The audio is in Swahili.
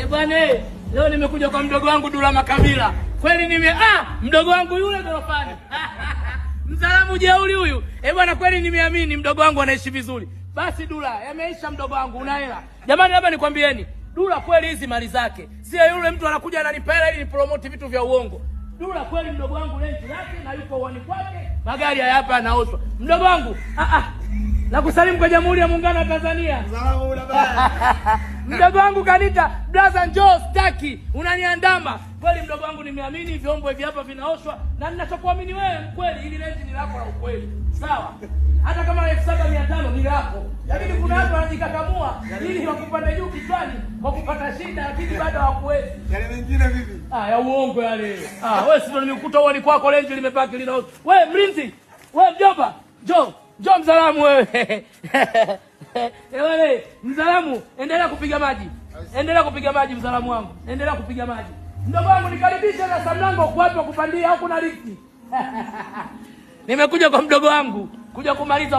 Eh bwana, eh, leo nimekuja kwa mdogo wangu Dula Makabila. Kweli nime ah, mdogo wangu yule gorofani. Msalamu jeuri huyu. Eh bwana, kweli nimeamini mdogo wangu anaishi vizuri. Basi Dula, yameisha mdogo wangu, una hela. Jamani, labda nikwambieni, Dula kweli hizi mali zake. Sio yule mtu anakuja ananipa hela ili nipromote vitu vya uongo. Dula kweli mdogo wangu lenzi lake na yuko uani kwake. Magari haya hapa yanauzwa. Mdogo wangu, ah ah na kusalimu kwa Jamhuri ya Muungano wa Tanzania. mdogo wangu kanita brother, njoo staki, unaniandama kweli. Mdogo wangu, nimeamini vyombo hivi hapa vinaoshwa na ninachokuamini wewe kweli, ili lenzi ni lako la ukweli, sawa? Hata kama elfu saba mia tano ni lako, lakini kuna watu wanajikakamua ili wakupata juu kichwani kwa kupata shida, lakini bado hawakuwezi. Yale mengine vipi? Ah, ya uongo yale. Ah, wewe sio nimekuta uani kwako, lenzi limepaki linaoshwa. Wewe mlinzi mzalamu wewe. Ewe mzalamu, endelea kupiga maji, endelea kupiga maji mzalamu wangu, endelea kupiga maji mdogo wangu, nikaribishe na samlango kuwapo kupandia au na lifti? Nimekuja kwa mdogo wangu kuja kumaliza